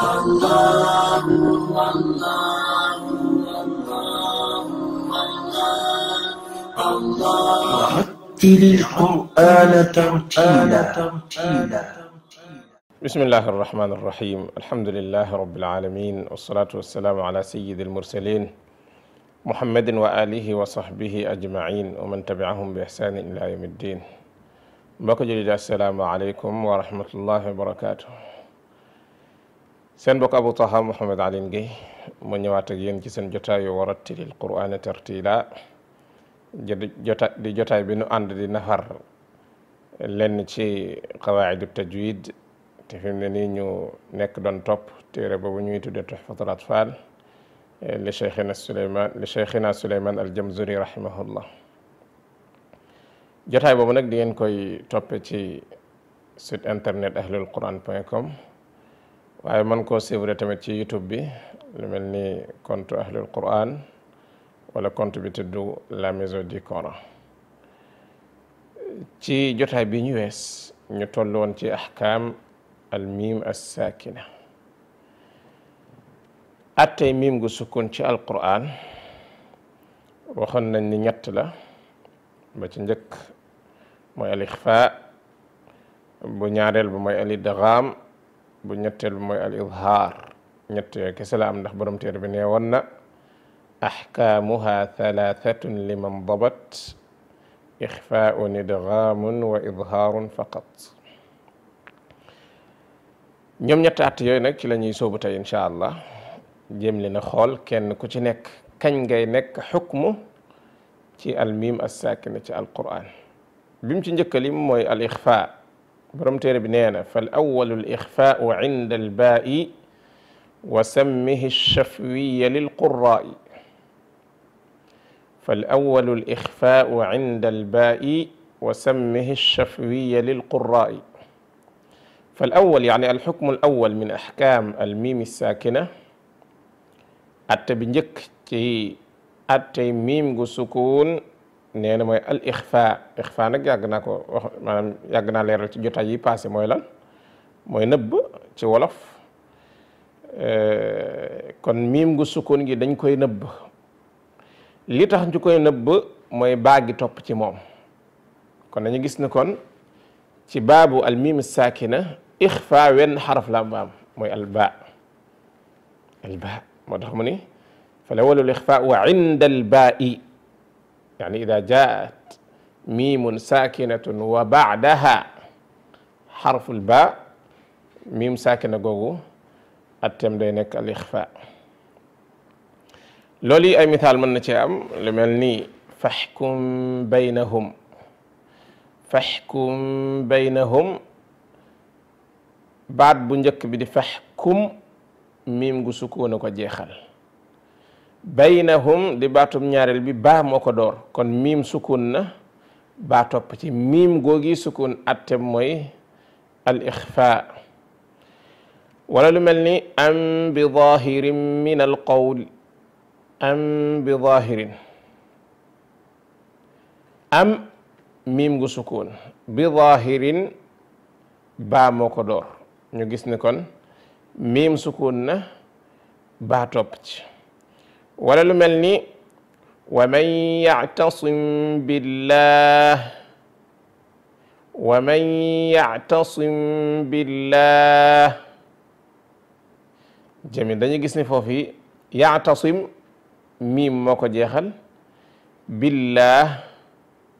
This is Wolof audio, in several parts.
الله الله الله رتل القرآن ترتيلا بسم الله الرحمن الرحيم الحمد لله رب العالمين والصلاة والسلام على سيد المرسلين محمد وآله وصحبه أجمعين ومن تبعهم بإحسان إلى يوم الدين بقى jullit assalaamu aleykum wa rahmatullahi seen bokk Abou Taha Mouhamed Alioune Guèye mu ñëwaat ak yéen ci seen jotaayu wa rattilil qur'aana tartiila jota di jotaay bi nu ànd di nafar lenn ci qawaa'idu tajwid te fi mu ne nii ñu nekk doon topp téere boobu ñuy tuddee Tuhfatul Atfal li cheikhina Suleyman li cheikhina Suleyman al-Jamzuri rahimahullah jotaay boobu nag di ngeen koy toppe ci site internet ahlul quran point com waaye man koo suivre tamit ci youtube bi lu mel ni compte ahlul quran wala compte bi tudd la maison du ci jotaay bi ñu wees ñu toll woon ci ahkaam al miim as saakina attey miim gu sukkoon ci alquran waxoon nañ ni ñett la ba ci njëkk mooy al ixfa bu ñaareel ba mooy al idgaam bu ñettel bi mooy al izhar ñett kessa la am ndax borom teer bi neewon na ahkamuha thalathatun liman dabat ikhfa'u nidgham wa izhar faqat ñom ñetti at yooyu nag ci lañuy ñuy sóobu tey incha allah li na xol kenn ku ci nek kañ ngay nek hukmu ci al mim as saakina ci al qur'an bim ci njëkkali moy al ikhfa' برم تيري بنينا فالأول الإخفاء عند الباء وسمه الشفوي للقراء فالأول الإخفاء عند الباء وسمه الشفوي للقراء فالأول يعني الحكم الأول من أحكام الميم الساكنة أتبنجك تي أتي ميم سكون nee na mooy al ixfa ixfa nag yàgg naa ko wax maanaam yàgg naa leeral ci jotaay yi passé mooy lan mooy nëbb ci wolof kon miim gu sukkoon gi dañ koy nëbb li tax ñu koy nëbb mooy baagi topp ci moom kon dañu gis ne kon ci baabu al miim saakina ixfa wenn xaraf la baam mooy al ba al ba moo tax mu ni fa la walul ixfa wa inda al baa'i يعني إذا جاءت ميم ساكنة وبعدها حرف الباء ميم ساكنة googu atteem day nekk al ixfa loolu yi ay misaal mën na cee am lu mel nii faxkum baynahum faxkum baynahum baat bu njëkk bi di faxkum miim gu sukkoon a ko jeexal baynahum di baatub ñaareel bi baa moo ko door kon miim sukun na baa topp ci miim googi sukun atte mooy al wala lu mel ni am bi zahirin min al am bi zahirin am miim gu sukun bi zahirin baa moo ko ñu gis ne kon miim sukun na baa topp wala lu mel ni wa man yactasim billah wa man yactasim billah jami dañu gis ni foofu yi miim moo ko jeexal billah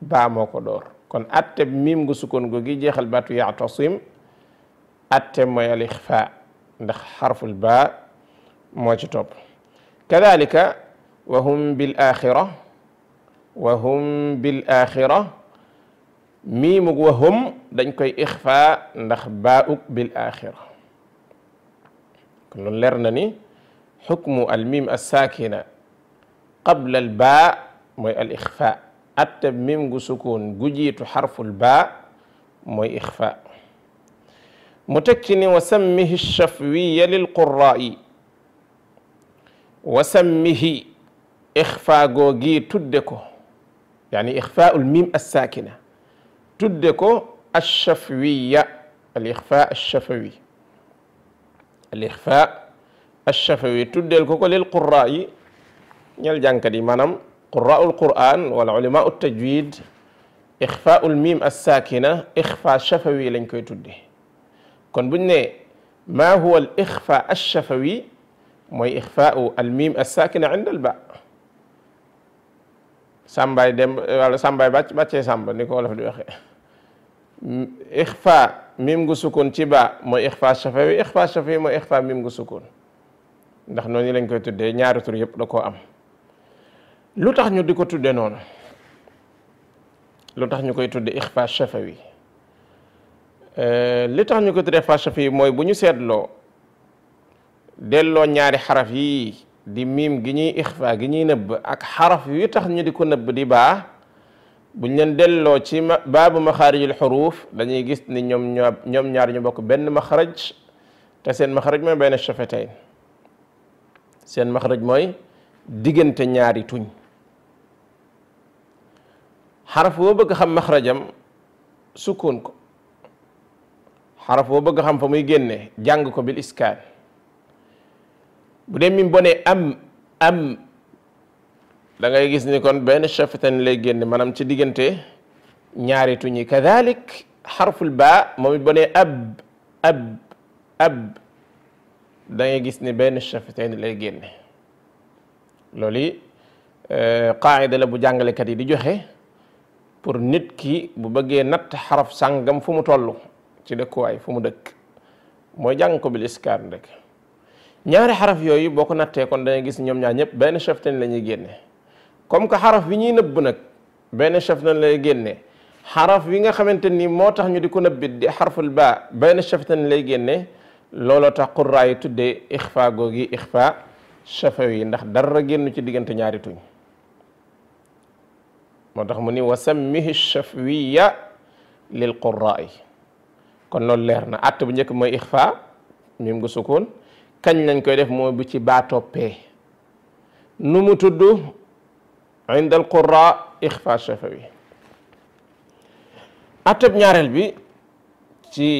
baa moo ko door kon atteb miim gu sukkoon googi jeexal baatu yactasim atteb mooy al ixfa ndax xarful baa moo ci topp kadalika wa hum bil axira wa hum bil axira miimug wa hum dañ koy ixfa ndax baa'ug bil axira kon loolu leer na ni xukmu al miim assaakina qabla al baa mooy al ixfa atte miim gu sukuun gu jiitu xarful baa mooy ixfa mu teg ci ni wa sammihi shafwiya lil quraa'i وسمه إخفاء جوجي تدكو يعني إخفاء الميم الساكنة تدكو الشفوية الإخفاء الشفوي الإخفاء الشفوي تدلكو للقراء يلجان كريمانم قراء القرآن والعلماء التجويد إخفاء الميم الساكنة إخفاء شفوي لنكو تدي كون بني ما هو الإخفاء الشفوي mooy ixfaau almiim assaakina inda albaa sàmbaay dem wala sàmbaay bàcc bàccee sàmba ni ko wolof di waxee ixfa miim gu sukkoon ci baa mooy ixfa shafawi ixfa shafawi mooy ixfa miim gu sukkoon ndax noonu lañ koy tuddee ñaari tur yëpp da koo am lu tax ñu di ko tuddee noonu lu tax ñu koy tuddee ixfa shafawi li tax ñu koy tuddee ixfa shafawi mooy bu ñu seetloo delloo ñaari xaraf yi di miim gi ñuy ixfa gi ñuy nëbb ak xaraf yu tax ñu di ko nëbb di baa buñ leen delloo ci baabu maxaarijul xuruuf dañuy gis ni ñoom ñoo ñoom bokk benn maxaraj te seen maxaraj mooy benn chafetayn seen maxaraj mooy diggante ñaari tuñ xaraf woo bëgg xam maxrajam sukkoon ko xaraf boo bëgg xam fa muy génne jàng ko bil iskaan bu dee mim bonee am am dangay gis ni kon benn chafatan lay génn maanaam ci diggante ñaari tuñ yi kadalik xarful baa moom it bonee ab ab ab da gis ni benn chafatan lay génne loolu yi euh, qaayida la bu jàngalekat yi di joxe pour nit ki bu bëggee natt xaraf sàngam fu mu toll ci dëkkuwaay fu mu dëkk mooy jàng ko bil iskaan rek ñaari xaraf yooyu boo ko nattee kon dangay gis ñoom ñaar ñëpp benn cheftan la ñuy génne comme que xaraf bi ñuy nëbb nag benn cheftan lay génne xaraf bi nga xamante ni moo tax ñu di ko nëbbit di xarful benn cheftan lay génne looloo tax qurraa yi tuddee ixfa googi ixfa chafawi ndax dara génn ci diggante ñaari tuñ moo tax mu ni wa sammihi chafwiya lil qurraa yi kon loolu leer na att bu njëkk mooy ixfa mim gu sukun كان لن كيرف مو بيتي باتو بي نمو تدو عند القراء إخفاء شفوي أتب نيارل بي تي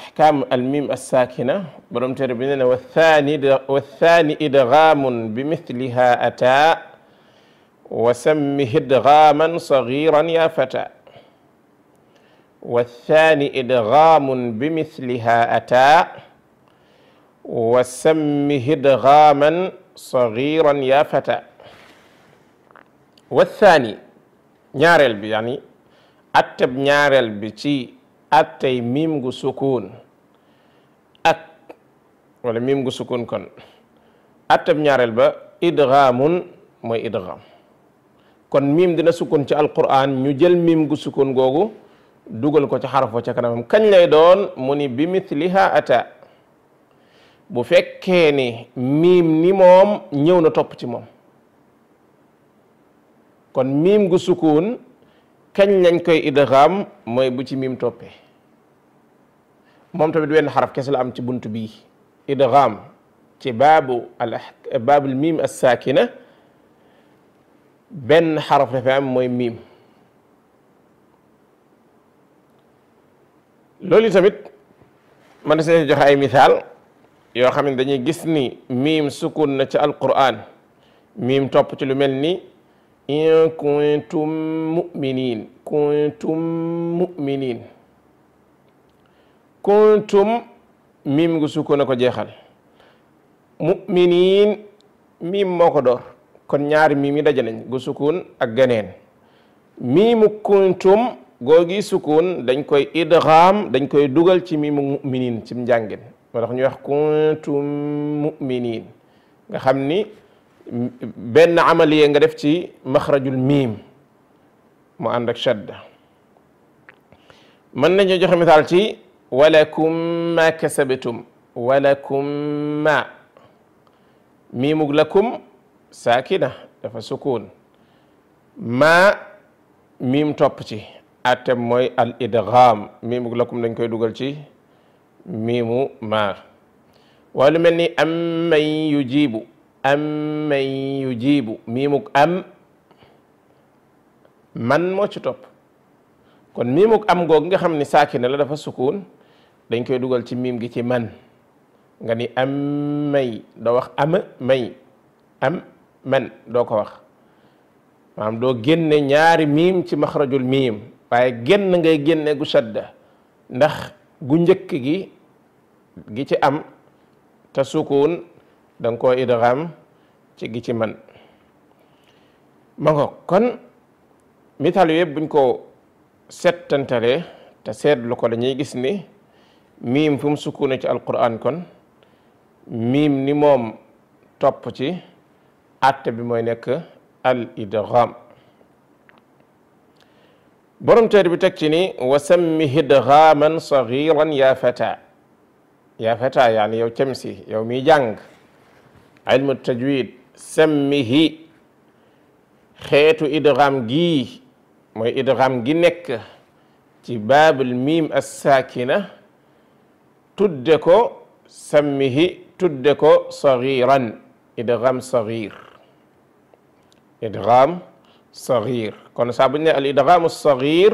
أحكام الميم الساكنة برم تربيننا والثاني والثاني إدغام بمثلها أتا وسميه إدغاما صغيرا يا فتا والثاني إدغام بمثلها أتا wa sammihi idgaaman sagiran ya fata wa thani ñaareel bi yaani atteb ñaareel miim gu sukun ak wala miim gu sukun kon atteb ñaareel ba idgaamun mooy idgaam kon miim dina sukun ci alquran ñu jël miim gu sukun googu dugal ko ci xaraf ca kanamam kañ lay doon mu ni bi mithliha ata bu fekkee ni miim ni moom ñëw na topp ci moom kon miim gu sukuun kañ lañ koy idram mooy bu ci miim toppee moom tamit wenn xaraf kese la am ci bunt bii idgham ci baabu al baabul miim as-saakina benn xaraf dafa am mooy miim loolu tamit man na see joxe ay misaal yoo xam ne dañuy gis ni miim sukun na ci alquran miim topp ci lu mel ni in kuntum muminin kuntum muminin miim gu sukun na ko jeexal muminin miim moo ko door kon ñaari miim yi daje nañ gu sukun ak ganeen miimu kuntum googi sukun dañ koy idgham dañ koy dugal ci miimu muminin ci njàngin moo tax wax kuntum muminin nga xam ni benn amaliye nga def ci maxrajul miim mu ànd ak shadda mën nañu joxe misaal ci walakum ma kasabtum walakum ma miimug lakum saakina dafa sukuun ma miim topp ci atem mooy al idgham miimug lakum dañ koy dugal ci miimu maar waaye mel ni am man yujibu am man yujibu miimuk am man moo ci topp kon miimuk am googu nga xam ni saakina la dafa sukuun dañ koy dugal ci miim gi ci man nga ni am may doo wax am may am man doo ko wax maanaam doo génne ñaari miim ci maxrajul miim waaye génn ngay génne gu sadda ndax gu njëkk gi gi ci am te sukuun da nga koo ci gi ci man ma ngo kon misaal yëpp buñ ko settantale te seetlu ko lañuy gis ni miim fu mu ci alquran kon miim ni moom topp ci atte bi mooy nekk al idgham borom téere bi teg ci ni wa sammi idghaaman saghiran yaa fata yaa fata yaani yow cemsi yow mi jàng ilmu tajwid sammihi xeetu idgham gi mooy idgham gi nekk ci baabul miim as-saakina tudde ko sammihi tudde ko saghiran idgham saghir idgham saghir kon saa bu ñu ne al idghaamu saghir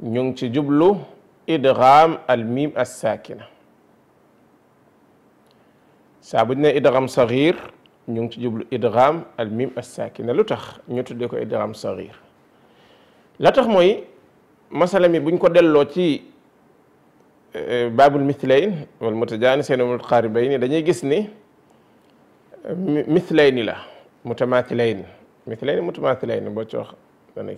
ñu ngi ci jublu idgham al mim as saakina saa bu ñu ne idgham saghir ñu ngi ci jublu idgham al mim as saakina lu tax ñu tuddee ko idgham saghir la tax mooy masala mi buñ ko delloo ci eh, baabul mithlayn wal mutajaanisayn wal mutqaaribayn dañuy gis ni mithlayn la mutamaathilayn mithlayni mutamathileyni boo ci wax dana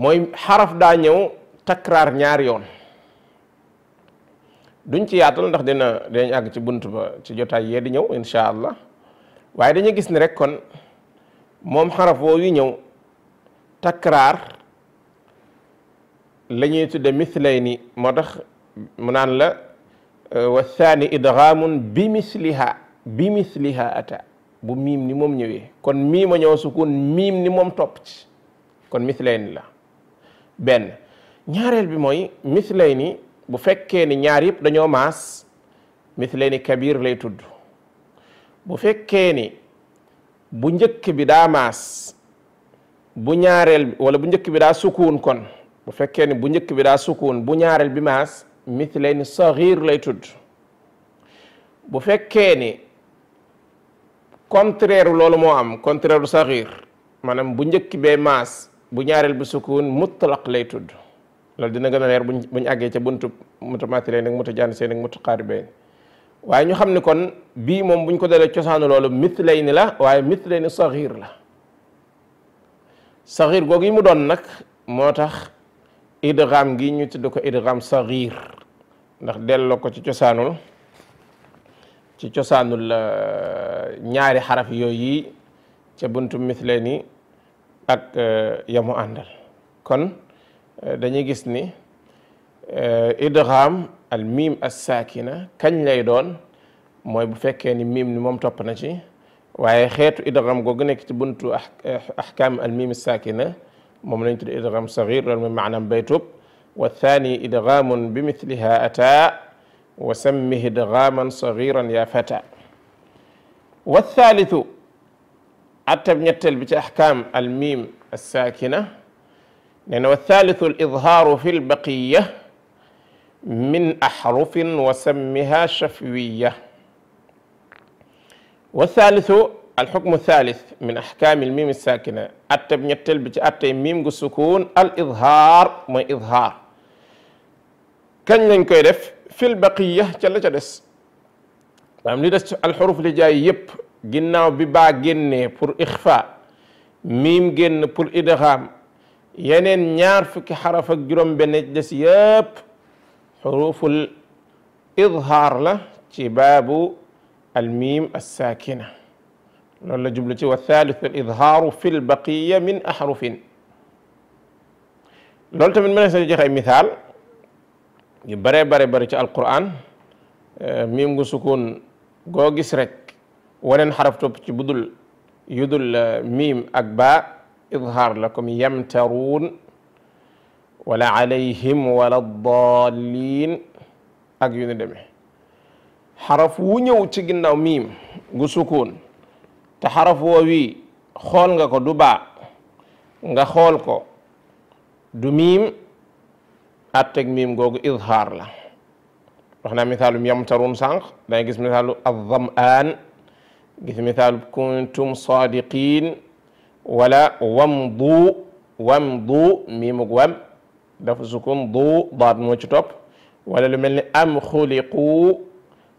mooy xaraf daa ñëw takraar ñaari yoon duñ ci yaatal ndax dina dinañ àgg ci bunt ba ci jotaay yee di ñëw insha allah waaye dañu gis ni rek kon moom xaraf woowu ñëw takraar la ñuy tudde mithlayni moo tax mu naan la wa thani bi misliha bi misliha ata bu miim ni moom ñëwee kon miima ñëw sukun miim ni moom topp ci kon mislayni la benn ñaareel bi mooy mislayni bu fekkee ni ñaar yëpp dañoo maas mislayni kabir lay tudd bu fekkee ni bu jëkk bi daa maas bu ñaareel wala bu njëkk bi daa sukuun kon bu fekkee ni bu njëkk bi daa sukuun bu ñaareel bi maas mislayni saxiir lay tudd bu fekkee ni contraire lolu mo am contraire saxiir manam bu njëkk be mas bu ñaareel bu sukun mutlaq lay tudd lolu dina gën a leer buñ buñ àggee ca buntu mutamaatileen ak mutajaaniseen ak mutaqaaribeen waye ñu xamni kon bi mom buñ ko dalé ciosanu lolu mitlayn la waye mitlayn saxiir la sahir gogi mu don nak motax idgham gi ñu tudd ko idgham ndax delo ko ci ciosanul ci ciosanul ñaari xaraf yoy yi ci buntu misle ak yamu àndal kon dañuy gis ni idgham al mim as sakina kagn lay doon moy bu fekke ni mim ni mom top na ci waye xetu idgham googu nekk ci buntu ahkam al mim as sakina mom lañ tudd idgham saghir loolu mooy maanaam baytub والثاني إدغام بمثلها أتى وسمه دغاما صغيرا يا فتى والثالث عتب نتل بأحكام الميم الساكنة لأن والثالث الإظهار في البقية من أحرف وسمها شفوية والثالث الحكم الثالث من أحكام الميم الساكنة عتب نتل بأتي ميم السكون الإظهار ما إظهار كن ينكرف fil baqiya ca la ca des maanaam li des ci alxuruf li jaay yëpp ginnaaw bi baa génnee pour ixfa miim génn pour idgham yeneen ñaar fukki xaraf ak juróom benn des yëpp xuruful idhaar la ci baabu almiim assaakina loolu la jublu ci wa thalith al idhaaru fi lbaqiya min ahrufin loolu tamit mën na sa joxe ay misaal yu bare bare bari ci alquran eh, miim gu sukun goo gis rek waneen xaraf topp ci budul yudul eh, miim ak baa idhaar la comme yamtaruun wala alayhim wala dallin ak yu ni demee wu ñëw ci ginnaaw miim gu sukun te xaraf woo wi xool nga ko du baa nga xool ko du miim atteg miim googu izhaar la wax naa misaalum yamtaruun sànq dangay gis misaalu azzamaan gis misaalu kuntum sadiqin wala wamdu wamdu miimug wam dafa sukun du baat moo ci topp wala lu mel ni am xuliqu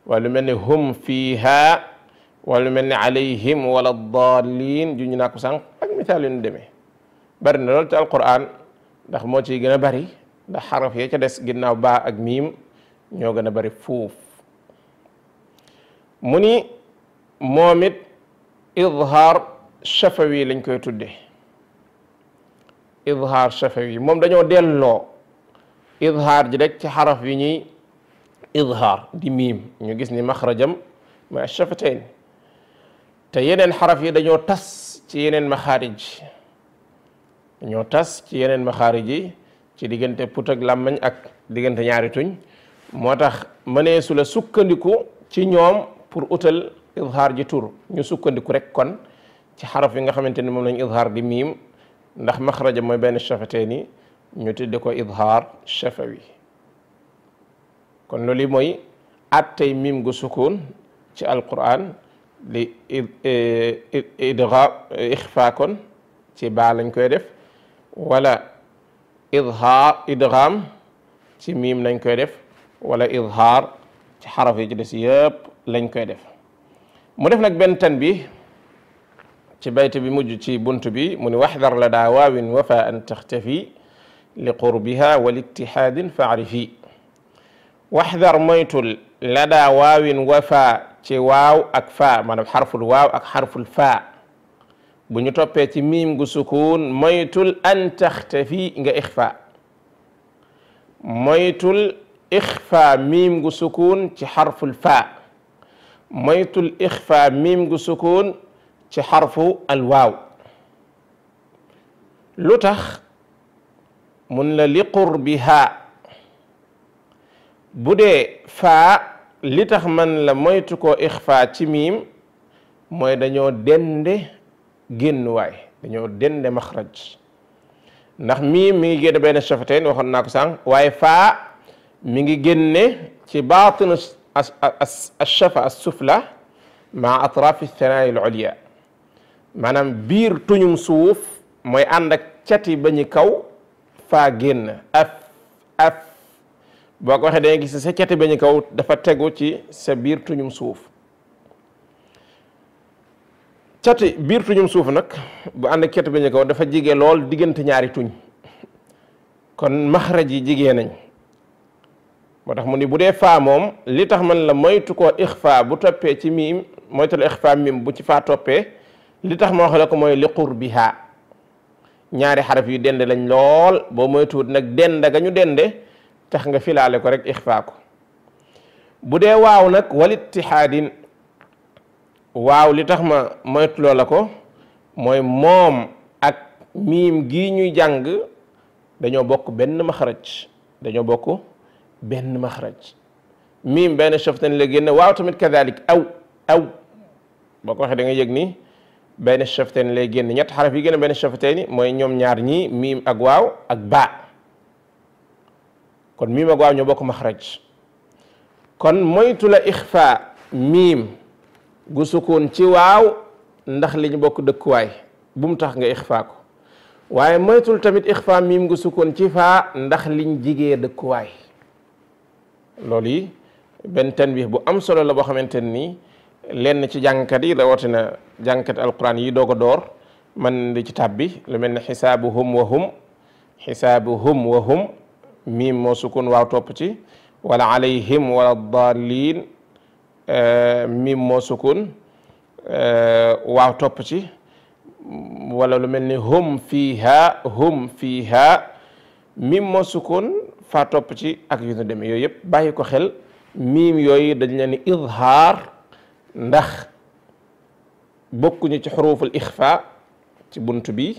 wala lu mel ni hum fiiha wala lu mel ni alayhim wala daalin ju ñu naa ko sànq ak misaal yu ñu demee bari na loolu ci alquran ndax moo ciy gën a bari ndax xaraf ya ca des ginnaaw baa ak miim ñoo gën a bari fuuf mu ni moomit it izhaar shafawi lañ koy tudde izhaar shafawi moom dañoo delloo izhaar ji rek ci xaraf yi ñuy izhaar di miim ñu gis ni maxrajam mooy shafatayn te yeneen xaraf yi dañoo tas ci yeneen maxaarij tas ci yeneen maxaarij yi ci diggante put ak làmmañ ak diggante ñaari tuñ moo tax mënee su la sukkandiku ci ñoom pour utal izhaar ji tur ñu sukkandiku rek kon ci xaraf yi nga xamante ni moom lañu izhaar di miim ndax maxraja mooy benn shafateeni ñu tudde ko izhaar shafawi kon loolu mooy attey miim gu sukun ci alquran li e, e, idgham ci baa lañ koy def wala إظهار إدغام تميم لنكويدف ولا إظهار تحرف يجلس يب لنكويدف مدف لك بن تنبي تبايت بمجو تي بنت بي من وحذر لدى واو وفى أن تختفي لقربها والاتحاد فعرفي وحذر ميتل لدى واو وفى تي واو أكفى من حرف الواو أك حرف الفاء bu ñu toppee ci miim gu sukuun moytul an taxtafi nga ixfa moytul ixfa miim gu sukuun ci xarful faa moytul ixfa miim gu sukuun ci xarfu alwaaw lu tax mun la li qurbihaa bu dee faa li tax man la moytu koo ixfa ci miim mooy dañoo dende génn waay dañoo dende maxraj ndax mii mi ngi génne benn chafatain waxoon naa ko sànq waaye faa mi ngi génne ci baatinu ashafa assufla ma atrafi thanaayi al ulya maanaam biir tuñum suuf mooy ànd ak cati ba kaw faa génn af af boo ko waxee da ngay gis sa cati ba kaw dafa tegu ci sa biir tuñum suuf cati biir tuñum suuf nag bu ànd ak cati bi ñu dafa jige lool diggante ñaari tuñ kon maxraj yi jigee nañ moo tax mu ni bu dee faa moom li tax man la moytu ko ixfa bu toppee ci miim moytu la ixfa miim bu ci faa toppee li tax ma wax ko mooy li qurbiha ñaari xaraf yu dende lañ lool boo moytuwut nag denda ga ñu dende tax nga filaale ko rek ixfa ko bu dee waaw nag wal ittihaadin waaw li tax ma moytuloo la ko mooy moom ak miim gi ñuy jàng dañoo bokk benn maxaraj dañoo bokk benn maxaraj miim benn shaftan la génne waaw tamit kadalik aw aw boo ko ni benn shaftan lay génn ñett xaraf yi gën a benn shaftan mooy ñoom ñaar ñii miim ak waaw ak baa kon miim ak waaw ñoo bokk maxaraj kon moytu la ixfa miim gu sukkoon ci waaw ndax li ñu bokk dëkkuwaay bu mu tax nga ixfaa ko waaye moytul tamit ixfaa miim gu sukkoon ci faa ndax liñ jigee dëkkuwaay loolu yi benn tanbih bu am solo la boo xamante nii lenn ci jàngkat yi rawatina jàngkat alquran yi doog a door man di ci tàbbi lu mel ne xisaabu hum wa hum xisaabu hum wa hum miim moo sukkoon waaw topp ci wala alayhim wala daalin mim moo sukun waaw topp ci wala lu mel ni hum fiha hum fiha mim moo sukun faa topp ci ak yu nu demee yooyu yëpp bàyyi ko xel miim yooyu dañ leen izhaar ndax bokkuñu ci xuruful ixfa ci bunt bi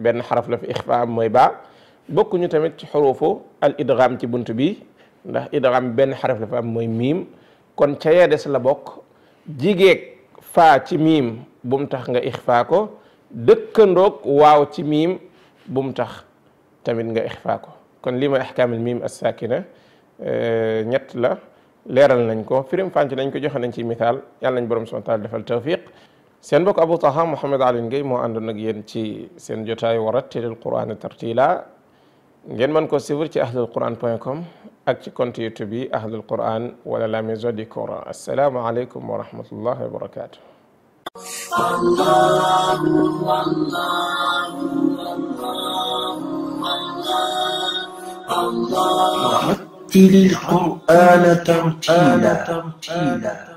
benn xaraf la fi ixfa mooy baa bokkuñu tamit ci xurufu al idgham ci bunt bi ndax idgham benn xaraf la fi am mooy miim kon ca ya des la bokk jigeeg fa ci miim bum tax nga ixfaa ko dëkkandoog waaw ci miim bum tax tamit nga ixfaa ko kon lii mooy ahkaamul miim as-saakina euh, ñett la leeral nañ ko firim fànc nañ ko joxe nañ ci misaal yàlla lañ borom subhaanahu wa taala defal tawfiq seen bokk Abou Taha Mouhamed Alioune ngay moo àndoon ak yéen ci seen jotaay wa rattilil qur'aana tartiila ngeen mën ko suivre ci ahlul quran point ak ci compte youtube yi ahlul quran wala la maison du coran asalaamaaleykum wa rahmatullahi wa barakatu الله الله الله رتل القرآن ترتيلا